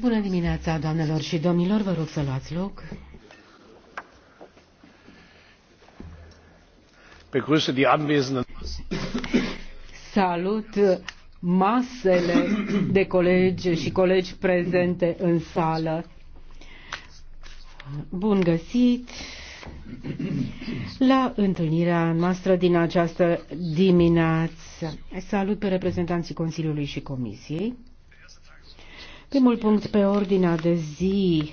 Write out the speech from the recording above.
Bună dimineața, doamnelor și domnilor, vă rog să luați loc. Begrüße die anwesenden. Salut masele de colegi și colegi prezente în sală. Bun găsit la întâlnirea noastră din această dimineață. Salut pe reprezentanții Consiliului și Comisiei. Primul punct pe ordinea de zi